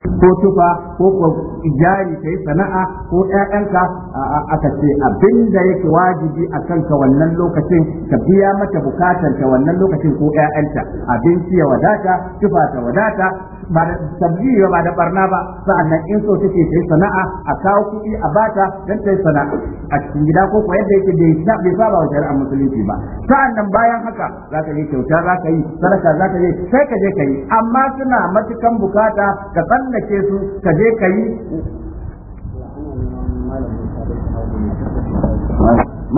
ko tufa ko jari yi sana'a ko ƴaƴanka aka ce abin da yake wajibi a kanka wannan lokacin ka biya mata bukatar ta wannan lokacin ko ƴaƴanta abinci ya wadata tufa ta wadata ba da tabbiyo ba da barna ba sa'annan in so take ta sana'a a kawo kuɗi a bata dan ta sana'a a cikin gida ko ko yadda yake bai sa bai saba wa shari'ar musulunci ba sa'annan bayan haka za ka yi kyauta za ka yi sadaka ka yi sai ka je ka yi amma suna matukan bukata ka san tsallake su ka je ka yi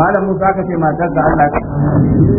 malam Musa aka ce matar da Allah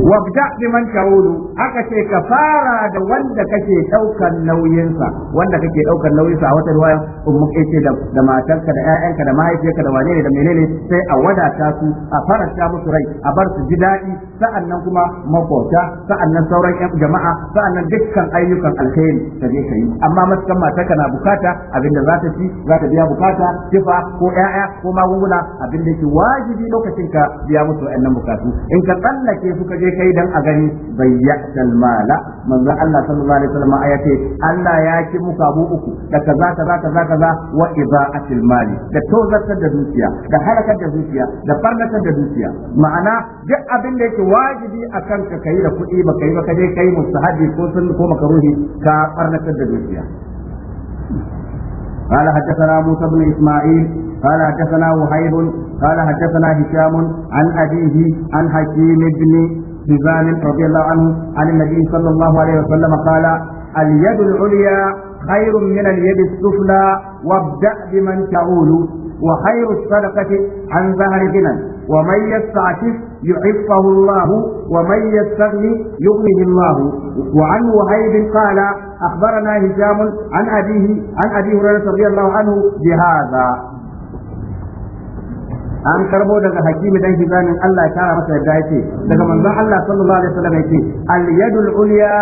wabda biman ta'udu aka ce ka fara da wanda kake daukar nauyin sa wanda kake daukar nauyin sa a wata ruwaya ummu kace da da matarka da ƴaƴanka da mahaifiyarka da wane ne da menene sai a wadata su a faranta musu rai a bar su ji daɗi sa'an nan kuma makota sa'an nan sauran yan jama'a sa'an nan dukkan ayyukan alkhairi ka je ka yi amma matukan mata kana bukata abinda za ta ci za ta biya bukata tifa ko ƴaƴa ko magunguna abinda ke wajibi lokacin ka biya musu wa'annan bukatu in ka tsallake su ka je kai dan a gani bayyatal mala manzo Allah sallallahu alaihi wasallam ayate Allah ya ki muka bu uku da kaza kaza kaza kaza wa ibaatil mali da tozartar da dukiya da halakar da zuciya da farnatar da dukiya ma'ana duk abin da yake wajibi a kanka kai da kuɗi ba kai ba ka dai kai mustahabi ko sun ko makaruhi ka barnatar da dukiya قال حدثنا موسى بن اسماعيل قال حدثنا وهيب قال حدثنا هشام عن ابيه عن حكيم بن حزام رضي الله عنه عن النبي صلى الله عليه وسلم قال اليد العليا خير من اليد السفلى وابدا بمن تعول وخير الصدقه عن ظهر غنى ومن يستعفف يعفه الله ومن يستغني يغنه الله وعن وهيب قال أخبرنا هشام عن أبيه عن أبي هريرة رضي الله عنه بهذا an karbo daga hakimi dan hizamin Allah ya tara masa yadda yake daga manzon Allah sallallahu alaihi wasallam yake al yadul ulya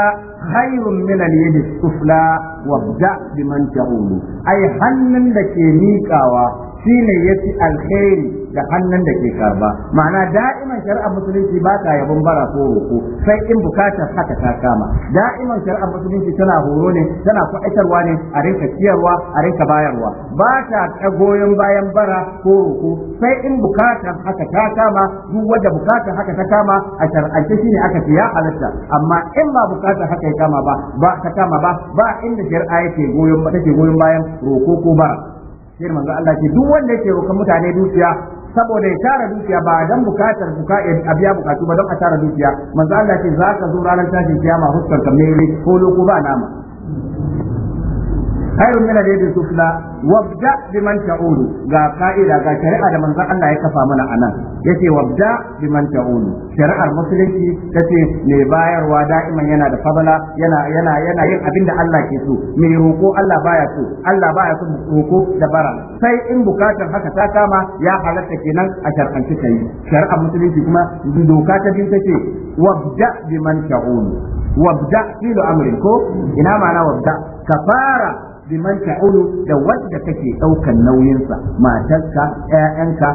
khairun min al yad sufla wabda biman ta'ulu ai hannun da ke miƙawa Shi ne ya fi alheri da hannun da ke karba ma'ana da'iman shari'a musulunci ba ta yabon bara ko roko sai in bukatar haka ta kama da'iman shari'a musulunci tana horo ne tana kwaitarwa ne a rinka ciyarwa a rinka bayarwa ba ta goyon bayan bara ko roko sai in bukatar haka ta kama duk wanda bukatar haka ta kama a shi ne aka ce ya halatta amma in ba bukatar haka ya kama ba ba ta kama ba ba inda shari'a yake goyon take goyon bayan roko ko bara sai manzo Allah ce duk wanda yake roƙon mutane dukiya saboda ya tara dukiya ba dan bukatar buka a biya bukatu ba don a tara dukiya manzo Allah ce za ka zo ranar tashin kiyama huskar kamere ko lokuba ba nama khairun min al-yadi sufla wabda biman Olu ga ka'ida ga shari'a da manzon Allah ya kafa mana nan yace wabda biman Olu. shari'ar musulunci tace mai bayarwa da'iman yana da fadala yana yana yana yin abin da Allah ke so mai roko Allah baya so Allah baya so roko da bara sai in bukatar haka ta kama ya halatta kenan a shar'anci kai shari'ar musulunci kuma doka ta biyu tace wabda biman Olu", wabda filu amrin ko ina ma'ana wabda ka fara biman ta'ulu da wanda kake daukan nauyinsa matarka ƴaƴanka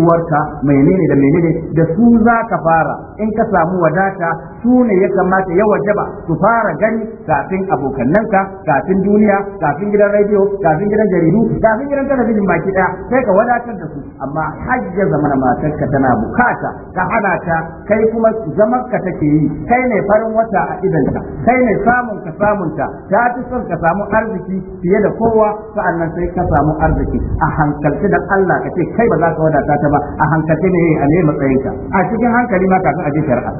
uwarka menene da menene da su za ka fara in ka samu wadata su ne ya kamata ya wajaba su fara gani kafin abokannanka kafin duniya kafin gidan rediyo kafin gidan jaridu kafin gidan talabijin baki daya sai ka wadatar da su amma hajjar zamana matarka tana bukata ka hana ta kai kuma zaman ka take yi kai ne farin wata a idanta kai ne samun ka samun ta ta fi son ka samu arziki fiye da kowa sa'annan sai ka samu arziki a hankalci da Allah ka ce kai ba za ka wadata ta ba a hankalci ne a ne matsayinka a cikin hankali ma kafin a ji shari'a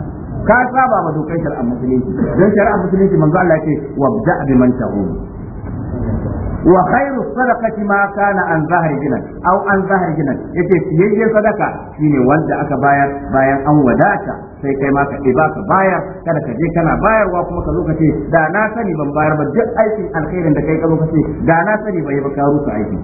ka saba ma dokan shari'ar musulunci don shari'ar musulunci manzo Allah ya ce wabda bi man wa khairu sadaqati ma kana an zahar ginan aw an zahar ginan yace fiyayye sadaka shine wanda aka bayar bayan an wadata sai kai ma ka ba ka bayar kada ka je kana bayarwa kuma ka zo ka ce da na sani ban bayar ba duk aikin alkhairin da kai ka zo ka ce da na sani bai ba ka rusa aiki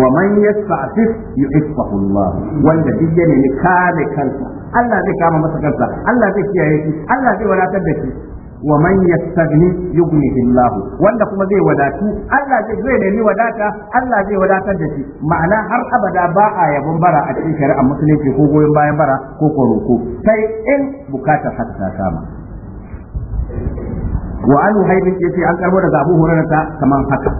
wa man yasta'fif yu'iffahu Allah wanda duk ya nemi kame kansa Allah zai kama masa kansa Allah zai kiyaye shi Allah zai wadatar da shi wa man yastaghni yughnihi Allah wanda kuma zai wadatu Allah zai zai nemi wadata Allah zai wadatar da shi ma'ana har abada ba a yabon bara a cikin shari'a musulunci ko goyon bayan bara ko koroko sai in bukatar haka ta kama wa an haibin yace an karbo daga Abu Hurairah kaman haka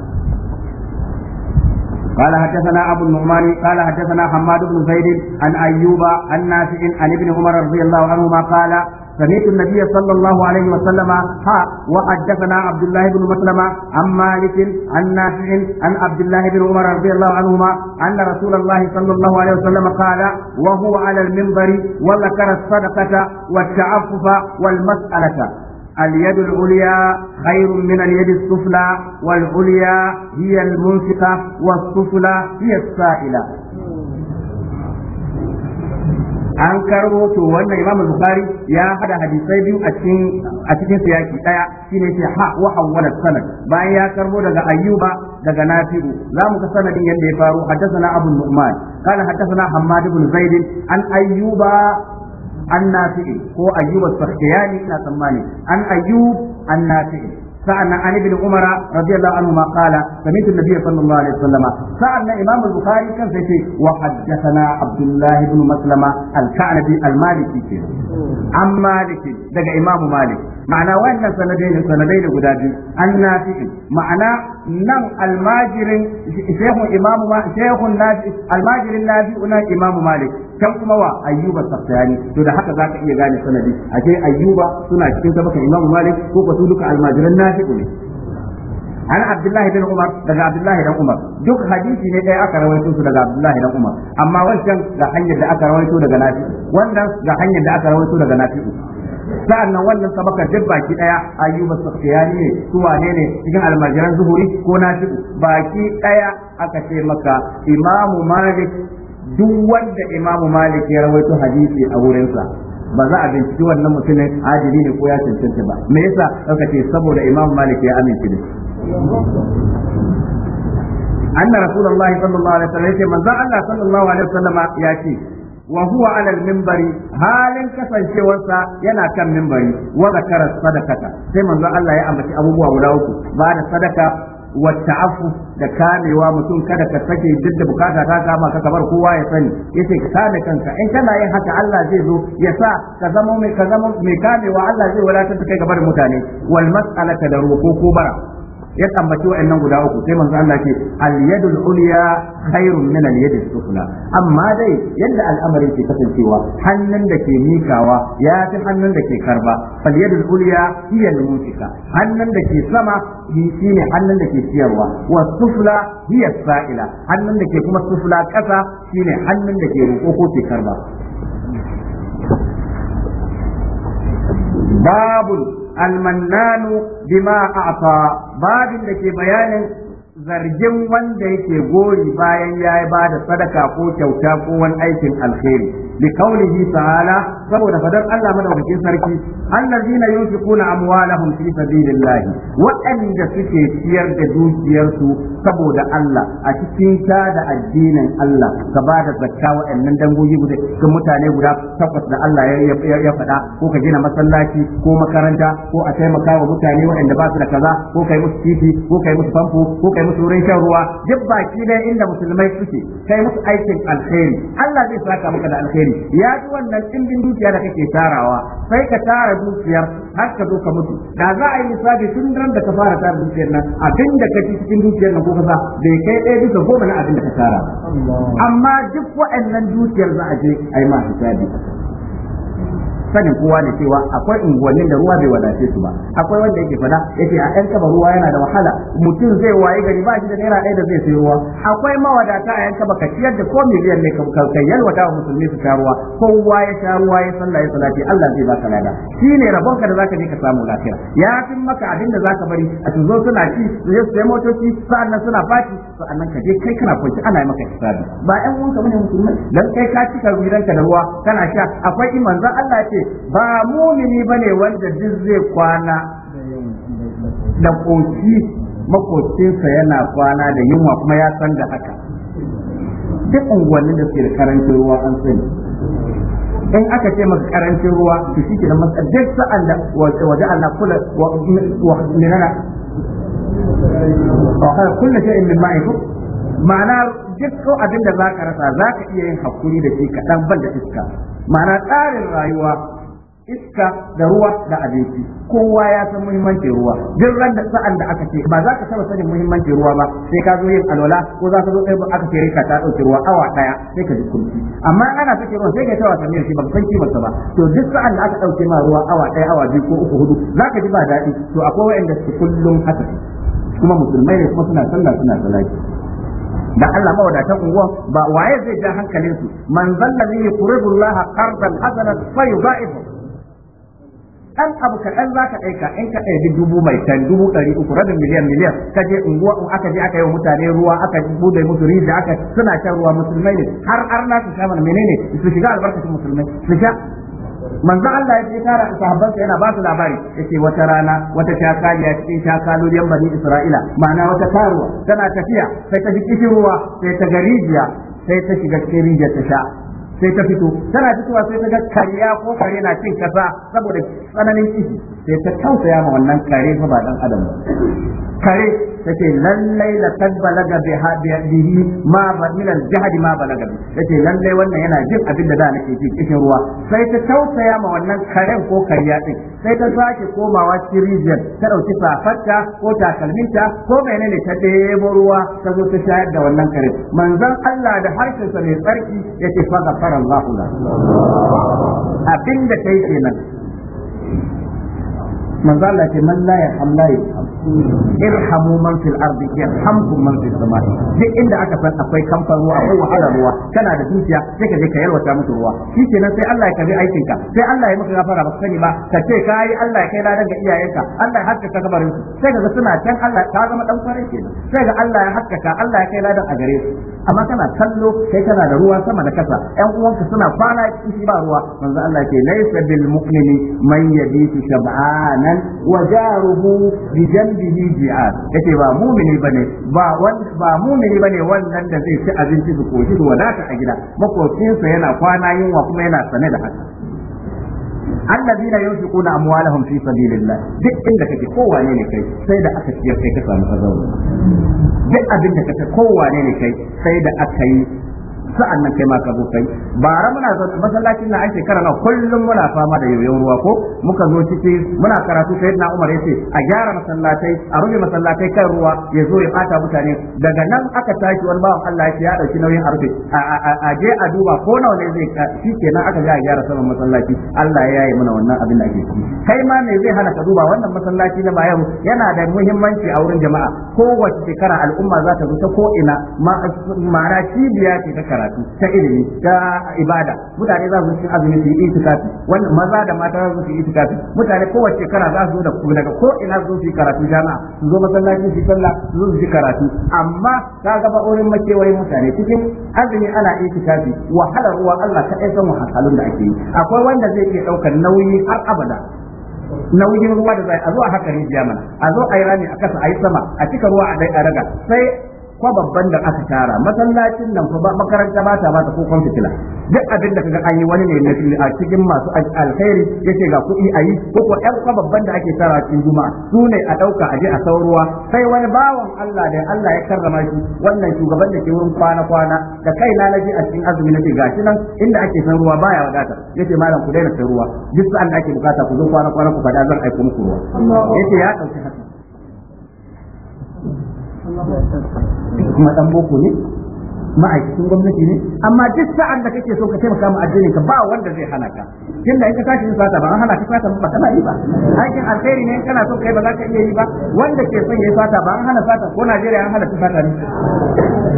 قال حدثنا أبو النعمان قال حدثنا حماد بن زيد عن أيوب عن نافع عن ابن عمر رضي الله عنهما قال سمعت النبي صلى الله عليه وسلم ها وحدثنا عبد الله بن مسلمة عن مالك عن نافع عن عبد الله بن عمر رضي الله عنهما أن رسول الله صلى الله عليه وسلم قال وهو على المنبر وذكر الصدقة والتعفف والمسألة اليد العليا خير من اليد السفلى والعليا هي المنفقة والسفلى هي السائلة an karbo to wannan imam bukhari ya hada hadisai biyu a cikin a cikin siyaki daya shine ce ha wa hawwala sanad bayan ya karbo daga ayyuba daga nafi'u zamu ka sanadin yadda ya faru haddathana abu nu'man kana haddathana hammad ibn zaid an ayyuba an nafi'i ko ayyuba sakhiyani ina tsammani an ayyub an nafi'i sa'annan an ibn umar radiyallahu anhu ma qala sami'tu an-nabiy sallallahu alaihi wasallam sa'annan imam al-bukhari kan sai ce wa haddathana abdullah ibn maslama al-ka'bi al-maliki ke amma dake daga imam malik ma'ana wannan sanadai ne sanadai da guda biyu an nafi ma'ana nan almajirin shehun imamu shehun nafi almajirin nafi una imamu malik can kuma wa ayyuba saftani to da haka za zaka iya gane sanadi ashe ayyuba suna cikin tabakan imamu malik ko ko almajiran nafi'u ne an abdullah bin umar daga abdullah dan umar duk hadisi ne ɗaya aka rawaito su daga abdullah dan umar amma wancan ga hanyar da aka rawaito daga nafi'u wannan ga hanyar da aka rawaito daga nafi'u sa'annan wannan sabaka duk baki ɗaya ayyuba sakhtiyani ne su wane ne cikin almajiran zuhuri ko nafi'u baki ɗaya aka taimaka maka imamu malik duk wanda imamu malik ya rawaito hadisi a wurinsa ba za a binciki wannan mutumin ajili ne ko ya cancanta ba me yasa aka ce saboda imamu malik ya amince da anna rasulullahi sallallahu alaihi wasallam yace manzo Allah sallallahu alaihi wasallam ya ce wa huwa ala al-minbari halin kasancewarsa yana kan minbari wa zakara sadaqata sai manzo Allah ya ambaci abubuwa guda uku ba da sadaka Wata ta'affu da kamewa mutum kada ka sake duk da bukata ta kama ka kamar kowa ya sani yace ka kame kanka in kana yin haka Allah zai zo ya sa ka zama mai ka zama mai kamewa Allah zai wadatar da kai barin mutane wal mas'alata da roko ko bara ya tambaci wa'annan guda uku sai manzo Allah ce al yadul ulya khairun min al yadis sufla amma dai yadda al'amarin ke kasancewa hannun da ke mikawa ya fi hannun da ke karba fal yadul ulya hiya al hannun da ke sama ne hannun da ke ciyarwa wa sufla hiya sa'ila hannun da ke kuma sufla kasa shine hannun da ke roƙo ko ke karba babu المنان bima a'ta babin da ke bayanin zargin wanda yake gori bayan ya ba da sadaka ko kyauta ko wani aikin alheri لقوله تعالى saboda fadar Allah madaukakin sarki allazina yunfiquna amwalahum fi sabilillah waɗanda suke ciyar da dukiyarsu saboda Allah a cikin ta da addinin Allah ka ba da zakka waɗannan dangogi guda ga mutane guda takwas da Allah ya faɗa ko ka gina masallaci ko makaranta ko a taimakawa wa mutane waɗanda ba su da kaza ko kai musu titi ko kai musu famfo ko kai musu wurin shan ruwa duk baki da inda musulmai suke kai musu aikin alheri Allah zai saka maka da alheri alheri ya ji wannan ɗimbin dukiya da kake tarawa sai ka tara dukiyar har ka zo ka mutu da za a yi misali tun ran da ka fara tara dukiyar nan abin da kake cikin dukiyar nan ko kaza bai kai ɗaya bisa goma na abin da ka tara amma duk wa'annan dukiyar za a je a yi ma hisabi sanin kowa ne cewa akwai unguwannin da ruwa bai wadace su ba akwai wanda yake fada yace a yan kaba ruwa yana da wahala mutum zai waye gari ba shi da naira ɗaya da zai sayo ruwa akwai mawadata a yan kaba ka ciyar da ko miliyan ne ka yalwata wa musulmi su sha ruwa uwa ya sha ruwa ya sallah ya salati Allah zai baka lada rabon rabonka da zaka je ka samu lafiya ya fin maka abin da zaka bari a tuzo suna ci su je su sai motoci sa'annan suna faci sa'annan ka je kai kana kwanci ana maka hisabi ba ƴan uwanka bane musulmai dan kai ka cika gidanka da ruwa kana sha akwai iman zan Allah ce ba mumini bane wanda duk zai kwana da koki makocinsa yana kwana da yunwa kuma ya san da haka duk unguwannin da suke da karancin ruwa an sani in aka ce maka karancin ruwa to shi ke da matsar duk sa'an da waje Allah kula wa وخير كل شيء من min يكون ma'ana duk abin da za ka rasa za ka iya yin hakuri da shi kaɗan ban da iska ma'ana tsarin rayuwa iska da ruwa da abinci kowa ya san muhimmancin ruwa duk ran da sa'an da aka ce ba za ka saba sanin muhimmancin ruwa ba sai ka zo yin alwala ko za ka zo kai aka ce rika ta dauki ruwa awa daya sai ka ji kunci amma ana sake ruwa sai ka tawa sanin shi ba san kimarsa ba to duk sa'an da aka ɗauke ma ruwa awa daya awa biyu ko uku hudu za ka ji ba daɗi to akwai wa'anda su kullum haka kuma musulmai ne kuma suna sallah suna salati da Allah ma wadatan unguwa ba waye zai ja hankalin su man zallazi yuqridu Allah qardan hasanan fa yudha'ifu abu kaɗan za ka aika in ka ɗaya dubu mai tan dubu ɗari uku rabin miliyan miliyan ka je unguwa in aka je aka yi wa mutane ruwa aka bude musu rijiya aka suna shan ruwa musulmai ne har arna su sha mana menene su shiga albarkacin musulmai su sha manzo Allah ya ce tara sahabban yana ba su labari yace wata rana wata ya cikin shakalolin bani Isra'ila ma'ana wata taruwa tana tafiya sai ta ji ruwa sai ta garijiya sai ta shiga cikin rijiya ta sha sai ta fito tana fitowa sai ta ga kariya ko kare na cin kasa saboda tsananin ciki sai ta tausaya ma wannan kare fa ba dan adam ba kare take lallai la kad bi hadihi ma ba min al jihad ma balaga bi take lallai wannan yana jin abin da da nake ji cikin ruwa sai ta tausaya ma wannan karen ko kariya din sai ta sake komawa cikin ta dauki safarta ko takalminta ko menene ta debo ruwa ta zo ta shayar da wannan kare manzon Allah da harkinsa mai tsarki yake faga غفر الله abin da kai kenan manzo Allah ce man la yarham la yarham irhamu man fil ardi yarhamkum man fis duk inda aka san akwai kamfan ruwa akwai wahala ruwa kana da dukiya sai ka je ka yalwata musu ruwa shi kenan sai Allah ya karbi aikin sai Allah ya maka gafara ba sani ba ka ce kai Allah ya kai ladan iyayenka Allah ya haskaka kabarin sai ga suna ta zama dan farin kenan sai ga Allah ya haskaka Allah ya kai ladan a gare su amma kana kallo sai kana da ruwa sama da kasa ƴan uwanka suna kwana kishi ba ruwa Manza Allah ce mu'mini man yabitu shab'ana nan wa jaruhu bi janbihi ji'ar yace ba mumini bane ba ba mumini bane wannan da zai ci abinci su koshi da wadata a gida sa yana kwana yunwa kuma yana sane da haka allazina yunfiquna amwalahum fi sabilillah duk inda kake kowane ne kai sai da aka ciyar kai ka samu azaba duk abin da kake kowane ne kai sai da aka yi sa'an nan kai ma ka zo kai bara muna zo masallacin na ai shekara na kullum muna fama da yoyon ruwa ko muka zo ciki muna karatu sai na Umar yace a gyara masallatai a rufe masallatai kan ruwa ya zo ya bata mutane daga nan aka tashi wani bawan Allah yake ya dauki nauyin a rufe a je a duba ko nawa ne zai shi kenan aka je a gyara saman masallaci Allah ya yi mana wannan abin da ake ciki kai ma me zai hana ka duba wannan masallaci na bayan yana da muhimmanci a wurin jama'a kowace shekara al'umma za ta zo ta ko ina ma'ana cibiya ce ta karatu ta ilimi ta ibada mutane za su cikin azumi su yi itikafi wanda maza da mata za su yi itikafi mutane kowace shekara za su zo da daga ko ina su yi karatu jama'a su zo masallaci su sallah su su yi karatu amma ka ga wurin makewayin mutane cikin azumi ana itikafi wahalar ruwa Allah ka san wahalhalun da ake yi akwai wanda zai iya daukar nauyi har abada nauyin ruwa da zai a zo a haka rijiya mana a zo a yi rami a kasa a yi sama a cika ruwa a dai a raga sai ko babban da aka tara masallacin nan ba makaranta ba ta ba ta ko fitila duk abin da kaga an yi wani ne na a cikin masu alkhairi yake ga kuɗi a yi ko ko ɗan ko babban da ake tara cikin juma'a su a ɗauka a je a sauruwa sai wani bawan Allah da Allah ya karrama shi wannan shugaban da ke wurin kwana kwana da kai na naji a cikin azumi nake gashi nan inda ake san ruwa baya wadata yace malam ku daina san ruwa duk sa'an da ake bukata ku zo kwana kwana ku fada zan aika muku ruwa yace ya ɗauki haka kuma dan boko ne ma'aikacin gwamnati ne amma duk sa'an da kake so ka taimaka ma addinin ka ba wanda zai hana ka kin da in ka tashi sata ba an hana ka sata ba kana yi ba aikin alheri ne kana so kai ba za ka iya yi ba wanda ke son yayi sata ba an hana sata ko Najeriya an hana ta sata ne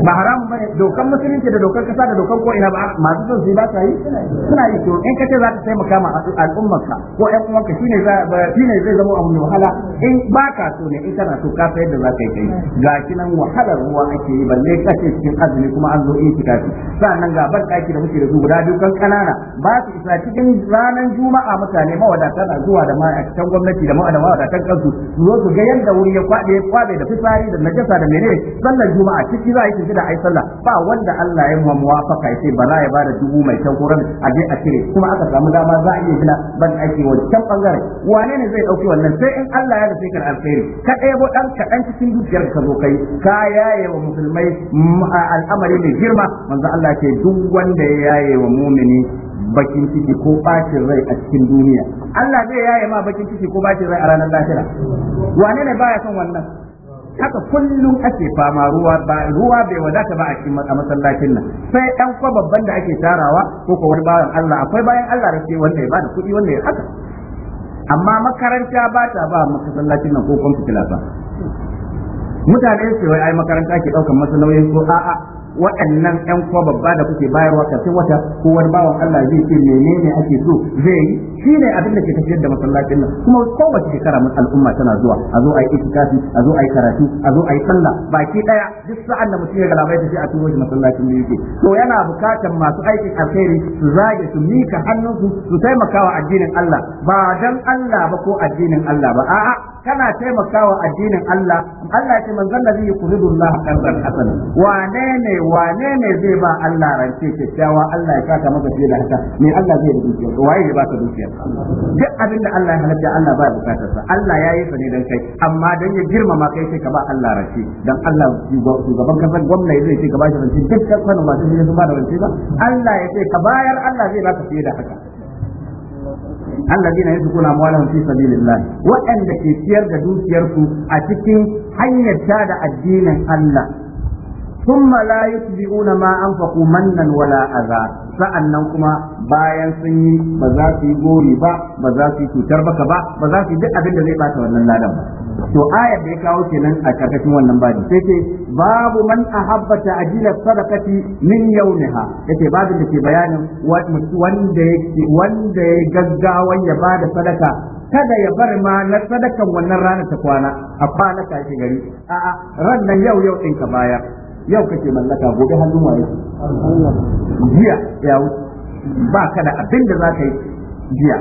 ba bane dokan musulunci da dokan kasa da dokan ko ina ba masu son su ba yi suna yi to in ka ce za ka taimaka ma al'ummarka ko ƴan ka shine shine zai zama abu wahala in ba ka so ne in kana so ka sayar da za ka yi ga kinan wahalar ruwa ake yi balle kace cikin azumi kuma an zo itikafi sannan ga ban daki da muke da su guda biyu kan kanana ba su isa cikin ranar juma'a mutane mawadatan na zuwa da cikin gwamnati da mawadatan kansu su zo su ga yadda wuri ya kwabe kwade da fitsari da najasa da menene sallar juma'a ciki za a yi da ai sallah ba wanda Allah ya mu muwafaka ya ce ba za ya da dubu mai kyau a je a cire kuma aka samu dama za a iya gina ban daki wancan bangare wane ne zai ɗauki wannan sai in Allah ya rufe ka alheri ka ɗebo dan kaɗan cikin dukiyar ka zo kai ka yaye wa musulmai mm, al'amari al'amari mai girma manzo Allah ke duk wanda ya yaye wa mumini bakin ciki ko bacin rai a cikin duniya Allah zai yaye ma bakin ciki ko bacin rai a ranar lahira wane ne baya son wannan haka kullum ake fama ruwa ba ruwa bai wadata ba a cikin masallacin nan sai ɗan kwa babban da ake tarawa ko ko wani bayan Allah akwai bayan Allah da ke wanda ya bada kuɗi wanda ya haka amma makaranta ba ta ba masallacin nan ko kwamfuta ba mutane su wai ai makaranta ke ɗaukar masu nauyin ko a'a waɗannan ƴan kuwa babba da kuke bayarwa kafin wata ko wani bawan Allah zai ce menene ake so zai yi shi ne abin da ke tafiyar da masallacin nan kuma kowace shekara mun al'umma tana zuwa a zo a yi itikafi a zo a yi karatu a zo a yi sallah baki daya duk sa'an da mutum ya galabai a turo shi masallacin da yake to yana bukatar masu aikin alheri su zage su mika hannunsu su taimakawa addinin Allah ba dan Allah ba ko addinin Allah ba a'a kana taimakawa addinin Allah Allah ya ce manzon da zai yi qardan hasan wane ne wane ne zai ba Allah rance kyakkyawa Allah ya saka maka fiye da haka me Allah zai dukiya to waye ya baka dukiya duk abin da Allah ya halatta Allah ba bukatar sa Allah ya yi sa ne dan kai amma dan ya girmama kai sai ka ba Allah rance dan Allah shugaban kasar gwamnati zai ce ka ba shi rance duk kan ba sai ya ba da rance ba Allah ya ce ka bayar Allah zai baka fiye da haka الذين ينفقون أموالهم في سبيل الله وأن كثير دوسيركم أتكين hanyar ta da addinin Allah ثم لا يتبعون ما أنفقوا منا ولا أذى sa'annan kuma bayan sun yi ba za su yi gori ba ba za su yi cutar baka ba ba za su yi duk abin da zai bata wannan ladan ba to aya da ya kawo kenan a karkashin wannan babi sai ce babu man ahabba ta'jila sadaqati min yawmiha yace babin da ke bayanin wanda yake wanda ya gaggawa ya bada sadaka kada ya bar ma na sadakan wannan ranar ta kwana a kwana ka gari a'a ran nan yau yau ɗin ka bayar yau kake mallaka gobe hannun waye jiya ya ba ka da abin da za yi jiya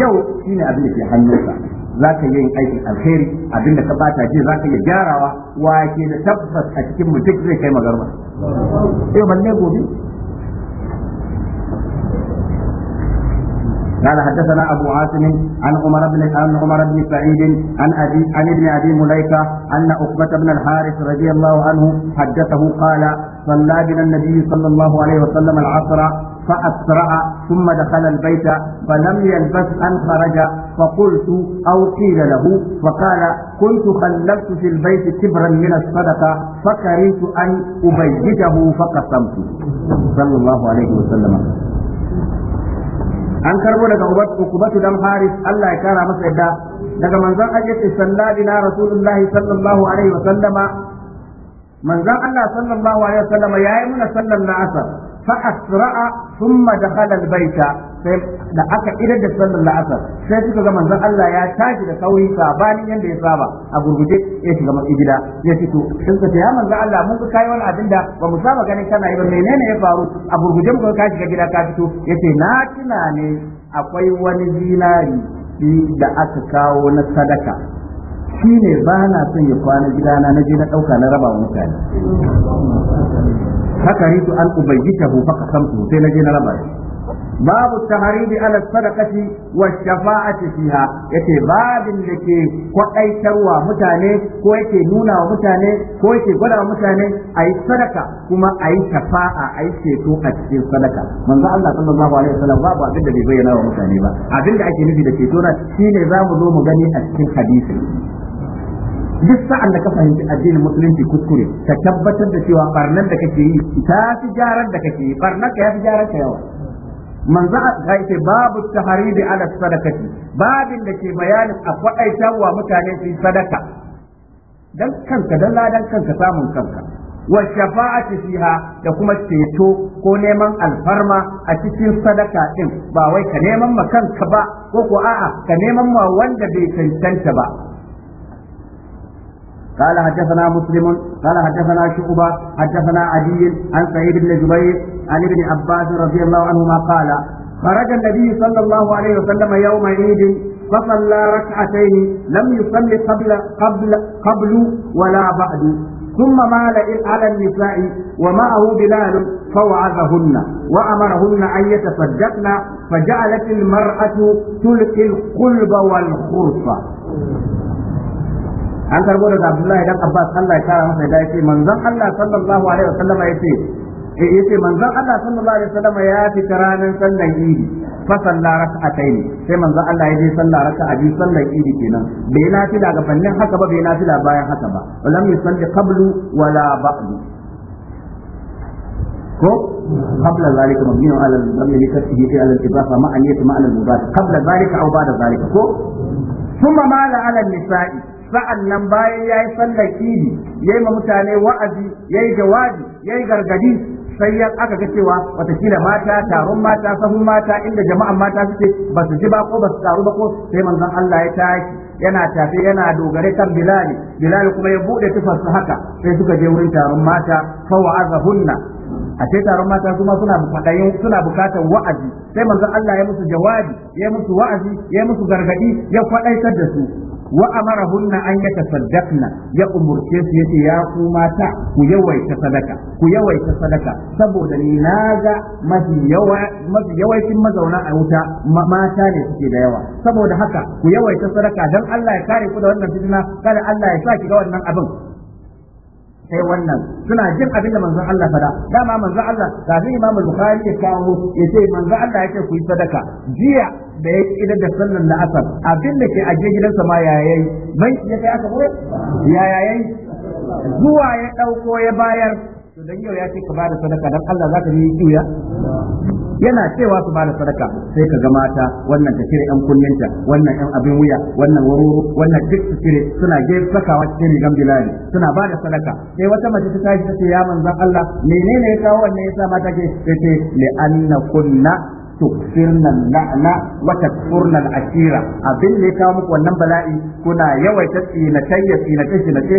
yau shine abin da ke hannunka za yi aikin alheri abin da ka bata jiya za ka iya gyarawa wa ke da tabbas a cikin mutum zai kai magarba yau balle gobe قال حدثنا أبو عاصم عن عمر بن عن عمر بن سعيد عن أبي عن ابن أبي مليكة أن عقبة بن الحارث رضي الله عنه حدثه قال صلى بنا النبي صلى الله عليه وسلم العصر فأسرع ثم دخل البيت فلم يلبث أن خرج فقلت أو قيل له فقال كنت خلفت في البيت كبرا من الصدقة فكرهت أن أبيته فقسمت صلى الله عليه وسلم an karbo daga ukubatu dan haris Allah ya kara masa yadda daga manzon ajiyar sallabi na rasulullahi sallallahu alaihi wa sallama manzon Allah sallallahu alaihi wa sallama yayi muna sallan na asar fa asra'a thumma dakhala al-baita sai da aka idar da sallar la'asar sai suka ga manzon Allah ya tashi da sauri sabanin yadda ya saba a gurguje ya shiga masu gida ya fito sun ce ya manzon Allah mun ga kai wani abin da ba mu saba ganin kana yi ba menene ya faru a gurguje mu ka shiga gida ka fito yace na tuna ne akwai wani zinari da aka kawo na sadaka shi ne ba na son ya kwana gidana na je na ɗauka na raba wa mutane haka ritu an ubangita ta faka samtu sai na je na raba babu taharidi ala sadaqati wa shafa'ati fiha yace babin da ke kwadaitarwa mutane ko yake nuna wa mutane ko yake gwada wa mutane ayi sadaka kuma ayi shafa'a ayi ceto a cikin sadaka manzo Allah sallallahu alaihi wasallam babu abin da bai bayyana wa mutane ba abin da ake nufi da ceto na shine zamu zo mu gani a cikin hadisi duk sa'an da ka fahimci addinin musulunci kuskure ka tabbatar da cewa barnar da kake yi ta fi jarar da kake yi barnar ka ya fi jarar ka yawa manzo a ce babu taharidi ala sadakati babin da ke bayanin a wa mutane su sadaka dan kanka dan ladan kanka samun kanka wa shafa'ati fiha da kuma ceto ko neman alfarma a cikin sadaka din ba wai ka neman ma kanka ba ko ko a'a ka neman ma wanda bai cancanta ba قال حدثنا مسلم قال حدثنا شعبة حدثنا عدي عن سعيد بن جبير عن ابن عباس رضي الله عنهما قال خرج النبي صلى الله عليه وسلم يوم عيد فصلى ركعتين لم يصلي قبل قبل قبل ولا بعد ثم مال على النساء ومعه بلال فوعظهن وأمرهن أن يتصدقن فجعلت المرأة تلقي القلب والخرصة an karbo daga Abdullahi dan Abbas Allah ya kara masa da yace manzon Allah sallallahu alaihi wasallam yace eh yace manzon Allah sallallahu alaihi wasallam ya fita ranar sallar Idi fa salla rak'atayn sai manzon Allah ya je salla rak'a biyu sallar Idi kenan bai lafi daga fannin haka ba bai da bayan haka ba lam yusalli qablu wala ba'du ko قبل ذلك مبني على الضم لكسره على الإضافة مع النية مع المضاد قبل ذلك أو بعد ذلك ko kuma mala ala nisa'i sa'annan bayan yayi sallar kidi yayi ma mutane wa'azi yayi jawabi yayi gargadi sai ya aka ga cewa watakila mata taron mata sahun mata inda jama'an mata suke ba su ji ba ko ba su taru ba ko sai manzon Allah ya tashi yana tafe yana dogare kan bilali bilali kuma ya bude tufarsa haka sai suka je wurin taron mata fa wa'azahunna a ce taron mata kuma suna suna bukatar wa'azi sai manzon Allah ya musu jawabi ya musu wa'azi ya musu gargadi ya kwadaitar da su wa amarahunna an yatasaddaqna ya umurce su yace ya ku mata ku yawaita sadaka ku yawaita sadaka saboda ni naga mafi yawa mafi yawaitin mazauna a wuta mata ne suke da yawa saboda haka ku yawaita sadaka dan Allah ya kare ku da wannan fitina kada Allah ya sa ki ga wannan abin sai wannan suna jin abin da manzon Allah fada dama manzon Allah kafin Imam Bukhari ya kawo yace manzon Allah yake ku yi sadaka jiya da ya kidar da sannan da asar abin da ke aje gidan ma yayayi bai ya kai aka ya yayayi zuwa ya dauko ya bayar dan yau ya ce ka bada sadaka dan Allah zaka yi kiyaya yana cewa su bada sadaka sai ka ga mata wannan ta kire yan kunninta wannan yan abin wuya wannan waruru wannan duk su kire, suna je sakawa cikin rigan bilali suna bada sadaka sai wata mace ta tashi ta ce ya manzan Allah menene ya kawo wannan yasa mata ke sai ce li anna kunna تكفرن اللعنة وتكفرن العشيرة أبن muku wannan bala'i kuna yawaita tsinatayya tsinace tsinace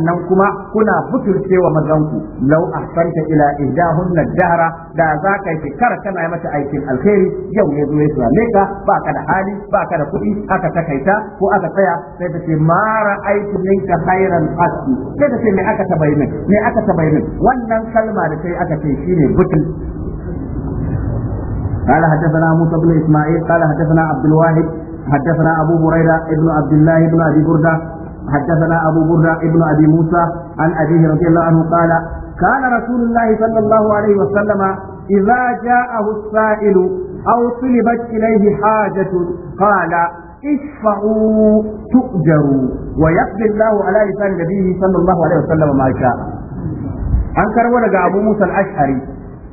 nan kuma kuna butulce wa mazanku law ahsanta ila ihdahunna dahra da za ka yi shekara kana mata aikin alheri yau ya zo ya same ka ba ka da hali ba ka da kuɗi aka takaita ko aka tsaya sai ta ce ma ra'aitu minka khairan asli sai ta ce me aka tabai min me aka tabai min wannan kalma da sai aka ce shine butul قال حدثنا موسى بن اسماعيل قال حدثنا عبد الواحد حدثنا ابو هريره ابن عبد الله بن ابي برده حدثنا ابو برده ابن ابي موسى عن ابيه رضي الله عنه قال كان رسول الله صلى الله عليه وسلم اذا جاءه السائل او طلبت اليه حاجه قال اشفعوا تؤجروا ويقضي الله على لسان نبيه صلى الله عليه وسلم ما شاء an karbo daga abu musa al-ash'ari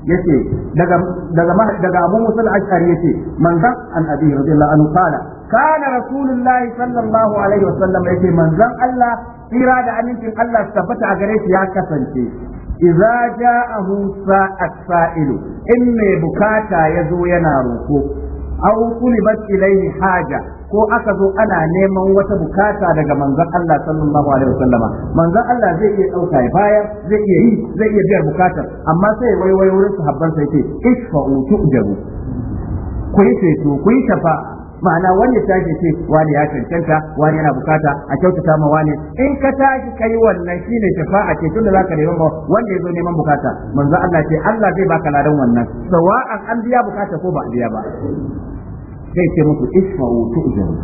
yace daga daga daga Abu Musa al-Ash'ari yace manzan an Abi radiyallahu anhu kana kana Rasulullah sallallahu alaihi wasallam yace manzan Allah tsira da amincin Allah tabbata a gare shi ya kasance idza ja'ahu sa'at sa'ilu in mai bukata yazo yana roko aw qulibat ilayhi haja ko aka zo ana neman wata bukata daga manzon Allah sallallahu alaihi wasallam manzon Allah zai iya dauka ya bayar zai iya yi zai iya biyar bukatar amma sai wai-wai wurin sahabban sai ce ishfa'u tu'jabu ku yi ceto ku yi shafa ma'ana wanda ta ke ce wani ya cancanta wani yana bukata a kyautata ma wani in ka tashi kai wannan shine shafa'a ce tunda zaka neman wanda ya zo neman bukata manzo Allah ce Allah zai baka ladan wannan sawa'an an biya bukata ko ba a biya ba sai ce musu isfa'u tu'jaru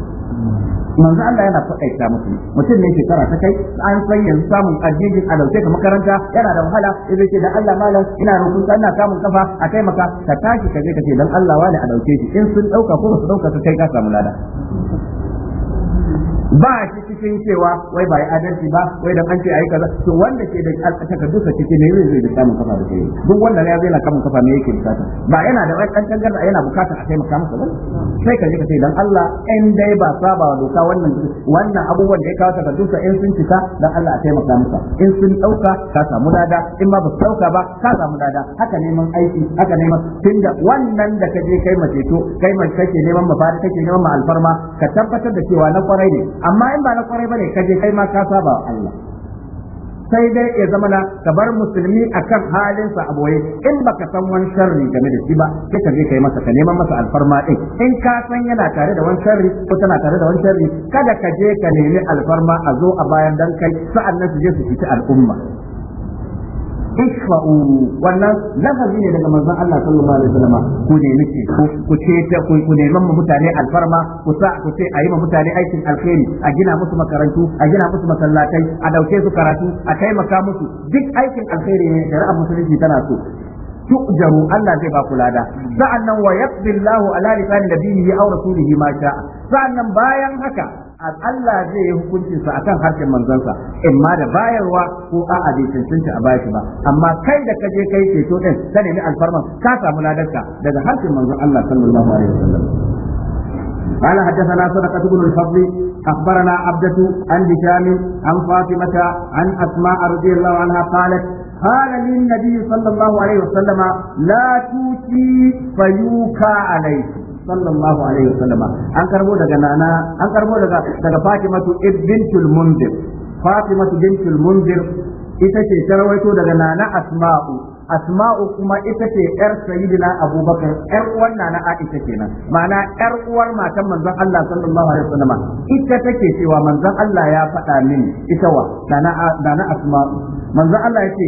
manzo Allah yana faɗaita musu mutum ne shekara ta kai an san yanzu samun addinin a lauke ka makaranta yana da wahala idan ce da Allah malam ina roƙon ka ina samun kafa a kai maka ka tashi ka je ka ce dan Allah wani a dauke shi in sun dauka ko ba su dauka ka kai ka samu lada ba shi cikin cewa wai ba ya adalci ba wai dan an ce ayi kaza to wanda ke da takardu sa cikin ne zai da samun kafa da kai duk wanda ya zai na kamun kafa ne yake bukata ba yana da wai kan tangarda yana bukata a taimaka masa ba sai ka je ka ce dan Allah in dai ba saba wa doka wannan wannan abubuwan da ya kawo takardu sa in sun cika dan Allah a taimaka masa in sun dauka ka samu dada in ba ba dauka ba ka samu dada haka neman aiki haka neman tunda wannan da ka je kai mace to kai mace kake neman mafari kake neman alfarma ka tabbatar da cewa na kwarai ne amma in ba na kwarai bane ka je kai ma ka saba Allah sai dai ya zama na ka bar musulmi akan halinsa a boye in baka san wani sharri game da shi ba sai ka je kai masa ka neman masa alfarma din in ka san yana tare da wani sharri ko tana tare da wani sharri kada ka je ka nemi alfarma a zo a bayan dan kai sa'annan su je su fita al'umma ikfa'u wannan lafazi ne daga manzon Allah sallallahu alaihi wasallam ku ne nake ku ce ta ku ku ne mamma mutane alfarma ku sa ku ce ayi ma mutane aikin alkhairi a gina musu makarantu a gina musu masallatai a dauke su karatu a taimaka musu duk aikin alkhairi ne shari'ar musulunci tana so tujaru Allah zai ba ku lada sa'annan wa yaqdi Allahu ala lisan nabiyhi aw rasulihi ma sha'a sa'annan bayan haka Allah zai yi hukuncinsa akan harshen manzansa in ma da bayarwa ko a'a bai cancanta a bashi ba amma kai da kaje kai ceto din ka nemi alfarma ka samu ladarka daga harshen manzon Allah sallallahu alaihi wasallam قال حدثنا صدقة بن الفضل أخبرنا عبدة عن هشام عن فاطمة عن أسماء رضي الله عنها قالت قال للنبي صلى الله عليه وسلم لا توتي فيوكى عليكم sallallahu alaihi wasallam an karbo daga nana an karbo daga daga Fatimatu bintul Munzir Fatimatu bintul Munzir ita ce ta rawaito daga nana Asma'u Asma'u kuma ita ce yar Sayyidina Abubakar yar uwar nana Aisha kenan ma'ana yar uwar matan manzon Allah sallallahu alaihi wasallam ita take cewa manzon Allah ya faɗa mini ita wa nana nana Asma'u manzon Allah yake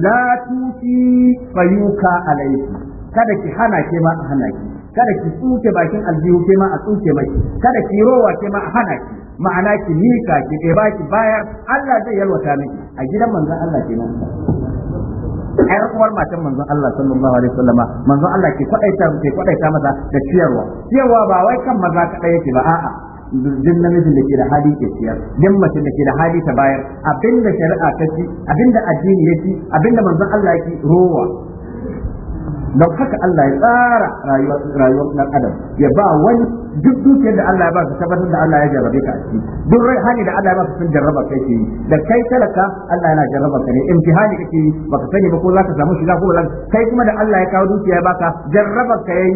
la tuti fayuka alaiki kada ki hana ke ma hana ki kada ki tsuke bakin aljihu ke ma a tsuke mai kada ki rowa ke ma a hana ki ma'ana ki mika ki ɗeba ki bayar Allah zai yalwata miki a gidan manzon Allah kenan ai uwar matan manzon Allah sallallahu alaihi wasallama manzon Allah ke kwadaita ke kwadaita masa da ciyarwa ciyarwa ba wai kan maza kadai yake ba a'a duk namijin da ke da hali ke ciyar duk mace da ke da hali ta bayar abinda shari'a ta ci abinda addini ya ci abinda manzon Allah ya ki rowa don haka Allah ya tsara rayuwar ɗan adam ya ba wani duk dukiyar da Allah ya ba su tabbatar da Allah ya jarrabe ka a ciki duk rai hani da Allah ya ba su sun jarraba kai ke da kai talaka Allah yana jarraba ka ne imtihani kake yi baka sani ba ko za ka samu shiga ko ba kai kuma da Allah ya kawo dukiya ya baka jarraba ka yayi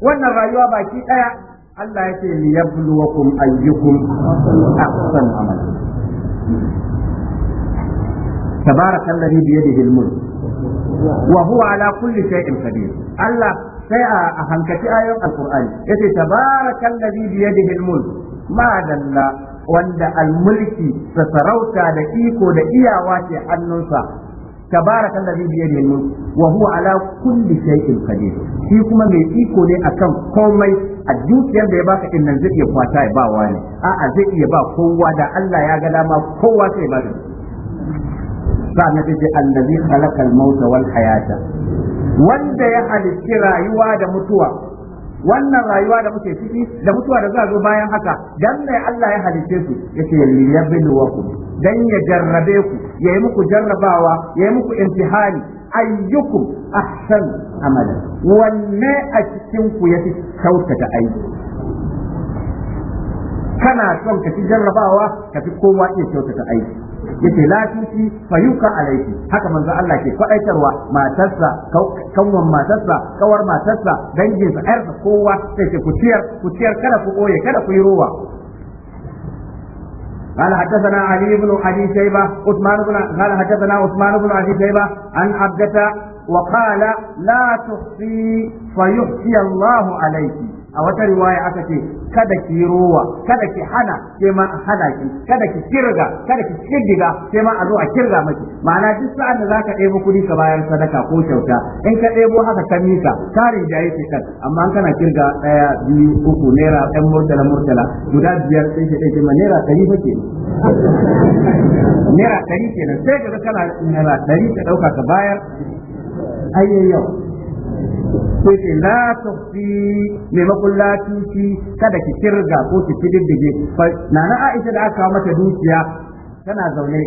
wannan rayuwa baki daya Allah yake liyabluwakum ayyukum ahsanu amala تبارك الذي da الملك wa huwa ala kulli shay'in qadir Allah sai a hankaci ayoyin alqur'ani yace tabarakallazi bi yadihi almulk ma dalla wanda almulki da sarauta da iko da iyawa ce hannunsa تبارك الذي بيده wa وهو على كل شيء قدير shi kuma mai iko ne akan komai a dukiyar da ya baka din nan zai iya kwata ya ba wani a'a zai iya ba kowa da Allah ya ga dama kowa sai ba sa'an nan ce allazi khalaqal mauta wal hayata wanda ya halicci rayuwa da mutuwa wannan rayuwa da muke ciki da mutuwa da za zo bayan haka dan mai Allah ya halice su yace liyabluwakum dan ya jarrabe ku yayi muku jarrabawa yayi muku imtihani ayyukum ahsan amalan wanne a cikin ku yafi kyautata aiki kana son ka ci jarrabawa ka fi kowa ya kyautata aiki yace la tuti fayuka alayki haka manzo Allah ke faɗaitarwa matarsa kanwan matarsa kawar matarsa danginsa ƴarsa kowa sai ce ku ciyar ku ciyar kada ku ɓoye kada ku yi rowa قال حدثنا علي بن ابي شيبه عثمان بن قال حدثنا عثمان بن ابي شيبه عن عبدة وقال لا تحصي فيحصي الله عليك a wata riwaya aka ce kada ki yi ruwa kada ki hana ke ma a hana ki kada ki kirga kada ki kirdiga ke ma a zo a kirga maki ma'ana duk sa'an da zaka ɗebo kuɗi ka bayar sadaka ko kyauta in ka ɗebo haka ka mika tarin jaye ce kan amma an kana kirga ɗaya biyu uku naira ɗan murtala murtala guda biyar sai ke ɗaya ma naira ɗari fa ke naira ɗari kenan sai ka kana naira ɗari ka ɗauka ka bayar ayyayyau sai ce la tufsi maimakon la tusi kada ki kirga ko ki kididdige nana Aisha da aka mata dukiya tana zaune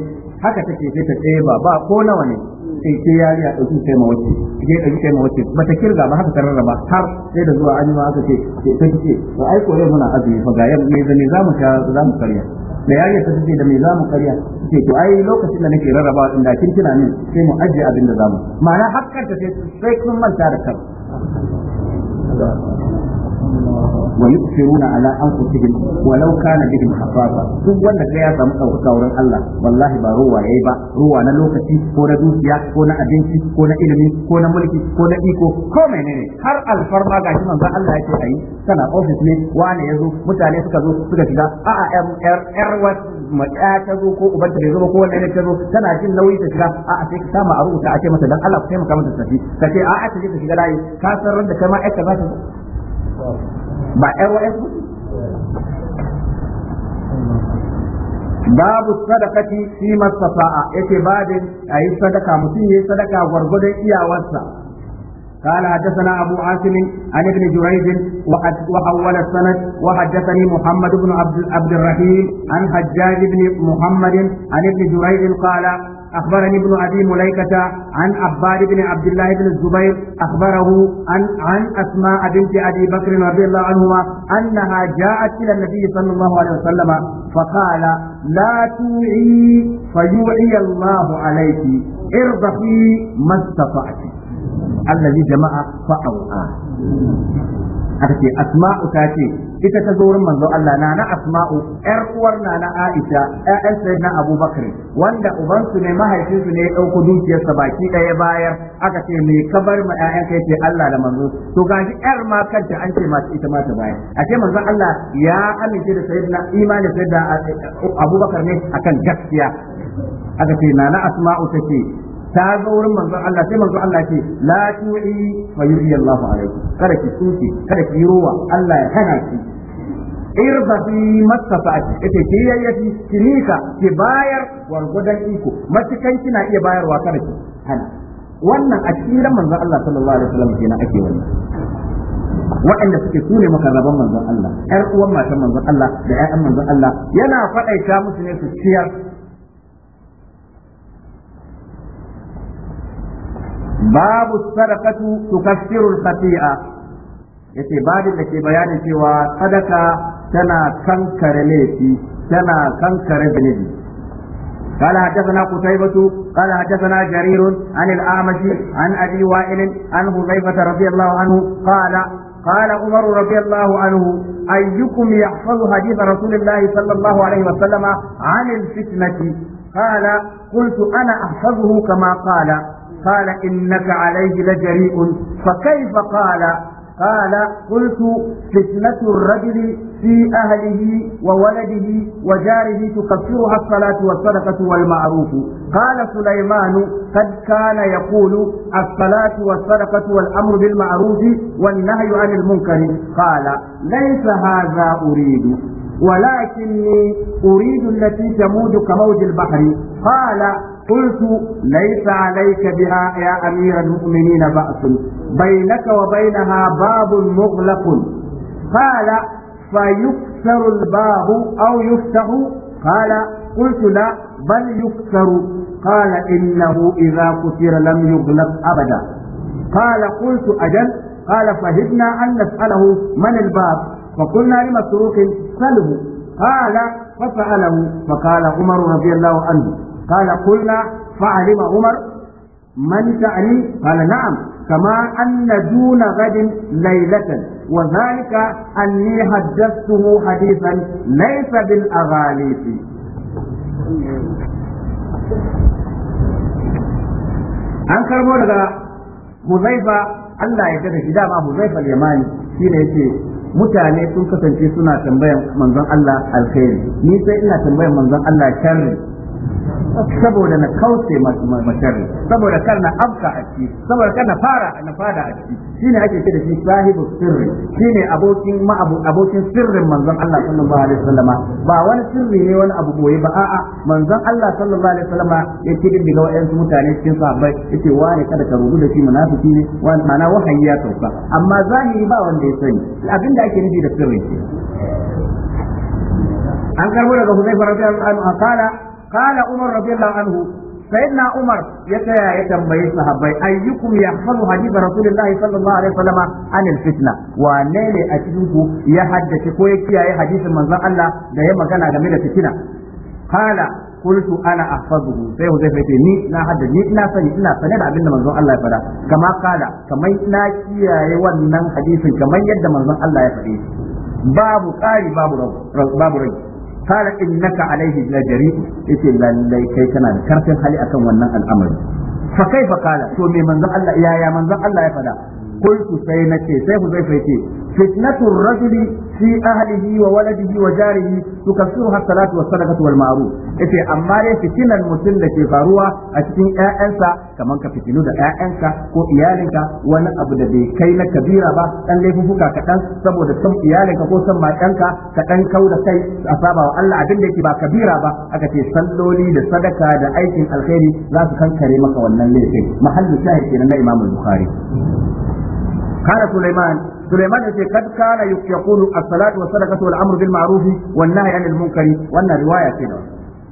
haka take sai ta tseba ba ko nawa ne sai ke yari a ɗauki kai mawace ke ɗauki kai mawace ba kirga ba haka tarar ba har sai da zuwa anjima aka ce ta ce ba ai yau muna azumi fa ga yam me da me za mu karya da yari ta ce da me za mu karya ce to ai lokacin da nake rarraba inda da kin kina min sai mu ajiye abin da za mu ma'ana hakkar ta sai sai kun manta da kanka الله wa yusiruna ala anfusihim walau kana bihim khasasa duk wanda kai ya samu ɗaukaka wurin Allah wallahi ba ruwa yayi ba ruwa na lokaci ko na dukiya ko na abinci ko na ilimi ko na mulki ko na iko ko menene har alfarma gashi manzon Allah ce ayi kana office ne wane zo mutane suka zo suka shiga a a yar yar mata ta zo ko uban ta bai zo ko wannan ta zo tana jin nauyi ta shiga a a sai ka sama a rubuta ake ce mata dan Allah ku taimaka mata tafi ka ce a a ta je ta shiga layi ka san ran da kai ma ai ka za ta ba babu sadakati fi masafa'a yake babin ayi sadaka mutum yayi sadaka gwargwadon iyawarsa قال حدثنا أبو عاصم عن ابن جريج وحول السند وحدثني محمد بن عبد الرحيم عن حجاج بن محمد عن ابن جريج قال أخبرني ابن أبي مليكة عن عباد بن عبد الله بن الزبير أخبره عن عن أسماء بنت أبي بكر رضي الله عنهما أنها جاءت إلى النبي صلى الله عليه وسلم فقال لا توعي فيوعي الله عليك ارضخي ما استطعت الذي جمع فأوعى aka ce asma'u ta ce ita ta zo wurin manzo Allah na na asma'u yar uwar na na Aisha ƴaƴan sayyidina Abubakar wanda uban su ne mahaifin su ne ya dauko dukiyar sa baki ɗaya bayar aka ce me kabar ma ƴaƴan kai ce Allah da manzo to gaji yar ma kanta an ce ma ita ma ta bayar a ce manzon Allah ya amince da sayyidina imani sayyidina eh, Abubakar ne akan gaskiya aka ce na na asma'u ta ce ta zo wurin manzon Allah sai manzon Allah ce la tu'i fa yuri Allahu alaikum kada ki tsuke kada ki rowa Allah ya hana ki irbafi masafa'ati ita ki yayyaki ki nika ki bayar wargudan iko matukan kina iya bayarwa kada ki hana wannan a cikin manzon Allah sallallahu alaihi wasallam kenan ake wannan waɗanda suke su ne makarraban manzon Allah ƴar uwan matan manzon Allah da ƴaƴan manzon Allah yana faɗaita musu ne su ciyar باب الصدقة تكفر الخطيئة yace babin da ke bayani cewa sadaka tana kankare laifi tana kankare zunubi kala haddathana qutaybatu kala haddathana jarir an al-amashi an abi wa'il an hudhayfa radiyallahu anhu qala qala umar radiyallahu anhu ayyukum yahfazu hadith rasulillahi sallallahu alayhi wa sallama an al-fitnati qala qultu ana ahfazuhu kama qala قال إنك عليه لجريء فكيف قال قال قلت فتنة الرجل في أهله وولده وجاره تكفرها الصلاة والصدقة والمعروف قال سليمان قد كان يقول الصلاة والصدقة والأمر بالمعروف والنهي عن المنكر قال ليس هذا أريد ولكني أريد التي تموج كموج البحر قال قلت ليس عليك بها يا أمير المؤمنين بأس بينك وبينها باب مغلق قال فيكسر الباب أو يفتح قال قلت لا بل يكسر قال إنه إذا كسر لم يغلق أبدا قال قلت أجل قال فهدنا أن نسأله من الباب فقلنا لمسروق سله قال فسأله فقال عمر رضي الله عنه قال قلنا فعلم عمر من تعني قال نعم كما أن دون غد ليلة وذلك أني حدثته حديثا ليس بالأغاليث an karbo daga Huzaifa Allah ya kada shi dama Huzaifa al-Yamani shine yace mutane sun kasance suna tambayan manzon Allah alkhairi ni sai ina tambayan manzon Allah sharri saboda na kauce masharri saboda kar na afka a ciki saboda kar na fara na fada a ciki shine ake ce da shi sahibu sirri shine abokin ma'abu abokin sirrin manzon Allah sallallahu alaihi wasallama ba wani sirri ne wani abu boye ba a'a manzon Allah sallallahu alaihi wasallama ya ce din daga wayansu mutane cikin sahabbai yake wani kada ka rubu da shi munafiki ne wani mana wahayi ya sauka amma zahiri ba wanda ya sani abinda ake nufi da sirri an karbo daga Hudayfa radiyallahu anhu qala قال عمر رضي الله عنه سيدنا عمر يتيا يتنبي صحابي أيكم يحفظ حديث رسول الله صلى الله عليه وسلم عن الفتنة وانيلي أتنكو يحدث كويكيا يحديث من الله ده يمكن أجمد الفتنة قال قلت انا احفظه sai Huzaifa ce ni na hadda ni ina sani ina sane da abin da manzon Allah ya faɗa kama kala kamar na kiyaye wannan hadisin kamar yadda manzon Allah ya faɗe babu ƙari babu babu rai qala innaka alaihi la jari yace lallai kai tana da karfin hali akan wannan al'amari fa kaifa qala to me manzon Allah ya manzon Allah ya faɗa? قلت سينتي سيف زيفيتي فتنة الرجل في أهله وولده وجاره تكفرها الصلاة والصدقة والمعروف إذا أما فتنة المسلم في فاروة أتكين أنسى كمان كفتنو دا أنسى كو إيالك وانا أبدا بي كينا كبيرة با أن ليفوكا كتن سبو دا سم إيالك كو سم ماتنك كتن كودا كي أصابا وألا أبدا كي با كبيرة با أكتي سلولي دا صدقة دا أيكين الخير لا تكن كريمك وانا ليفين محل شاهد كينا إمام البخاري قال سليمان سليمان يقول قد كان يقول الصلاة والصدقة والأمر بالمعروف والنهي عن المنكر وأن رواية كده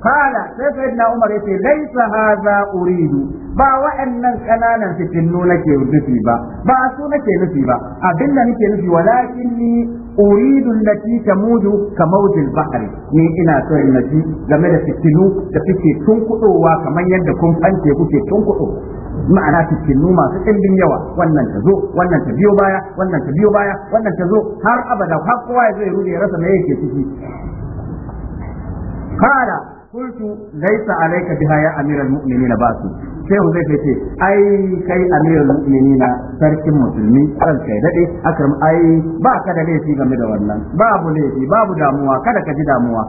قال سيدنا عمر يقول ليس هذا أريد با وأنن كنانا في تنونك كي فيبا با با سونة فيبا أبنى نكي نفي ولكني uridu allati tamudu kamawjil bahri ni ina so in naji game da fitilu da kuke tunkudowa kamar yadda kun fance kuke ma'ana fitilu masu ɗimbin yawa wannan ta zo wannan ta biyo baya wannan ta biyo baya wannan ta zo har abada har kowa ya zai ya rude rasa me yake ciki qala kultu laisa alayka biha ya amiral mu'minin ba su sai zai ce ai kai amiral mu'minin sarkin musulmi ran kai dade akram ai ba ka da laifi game da wannan babu laifi babu damuwa kada ka ji damuwa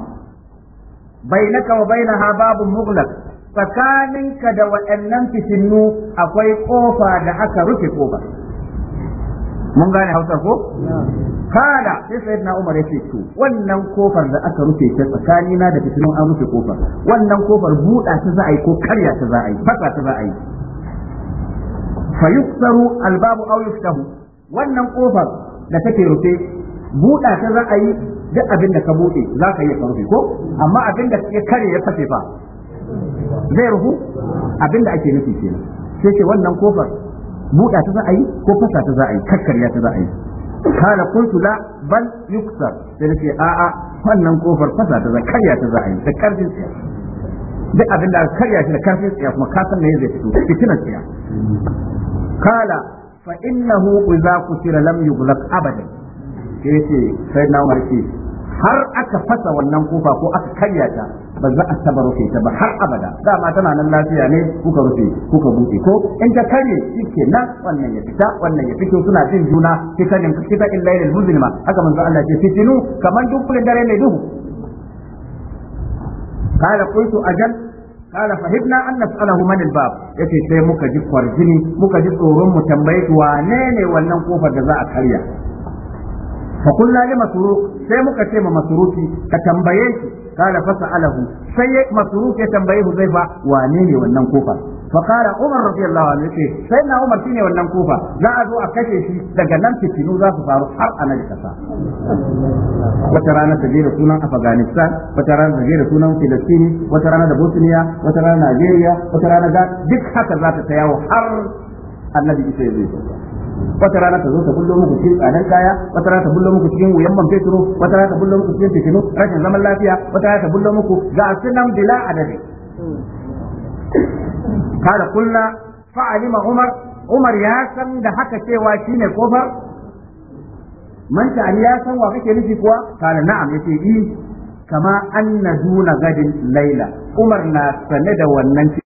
bainaka wa bainaha babu mughlaq tsakaninka da waɗannan fitinu akwai kofa da aka rufe kofa mun gane hausa ko kala sai na umar yace to wannan kofar da aka rufe ta tsakani na da fitinin an rufe kofar wannan kofar buɗa ta za a yi ko karya ta za a yi fasa ta za a yi fa yuksaru albabu aw yuftahu wannan kofar da take rufe buɗa ta za a yi duk abin da ka buɗe za ka iya ka rufe ko amma abin da ya kare ya fashe fa zai rufu abin da ake nufi kenan sai ce wannan kofar buɗa ta za a yi ko fasa ta za a yi kakkarya ta za a yi kana kuntu la bal yuksar sai nace a'a wannan kofar fasa ta za karya ta za a yi da karfin tsiya duk abin da karya shi da karfin tsiya kuma ka san me zai fito fitinar tsiya kala fa innahu idza kusira lam yughlaq abadan sai ce sai na warke har aka fasa wannan kofa ko aka karya ta ba za a taba rufe ta ba har abada dama tana nan lafiya ne kuka rufe kuka buɗe ko in ta karye shike nan wannan ya fita wannan ya fito suna jin juna fitanin fita in lailal muzlima haka manzo Allah ce fitinu kamar dukkan dare mai duhu قال قلت أجل قال فهبنا أن نسأله من الباب yace sai muka ji kwarjini muka ji tsoron mu tambaye wane ne wannan kofar da za a karya فقلنا لمسروق sai muka ce ma masruki ka tambaye shi fasa alahu sai masruki ya tambaye Huzaifa wane ne wannan kofa fa kana Umar radiyallahu anhu ce sai na Umar shine wannan kofa za a zo a kashe shi daga nan fitinu za su faru har a nan kasa wata rana ta je da sunan Afghanistan wata rana ta da sunan Filistin wata rana da Bosnia wata rana Nigeria wata rana da duk haka za ta ta yawo har annabi isa zai wata rana ta zo ta bullo muku cikin tsadar kaya wata rana ta bullo muku cikin wuyan man fetro wata rana ta bullo muku cikin fitinu rashin zaman lafiya wata rana ta bullo muku ga sunan bila adadi kada fa Alima umar umar ya san da haka cewa shine kofar man ta ya san wa kake nufi kuwa kana na'am yace i kama anna duna gadin laila umar na sane da wannan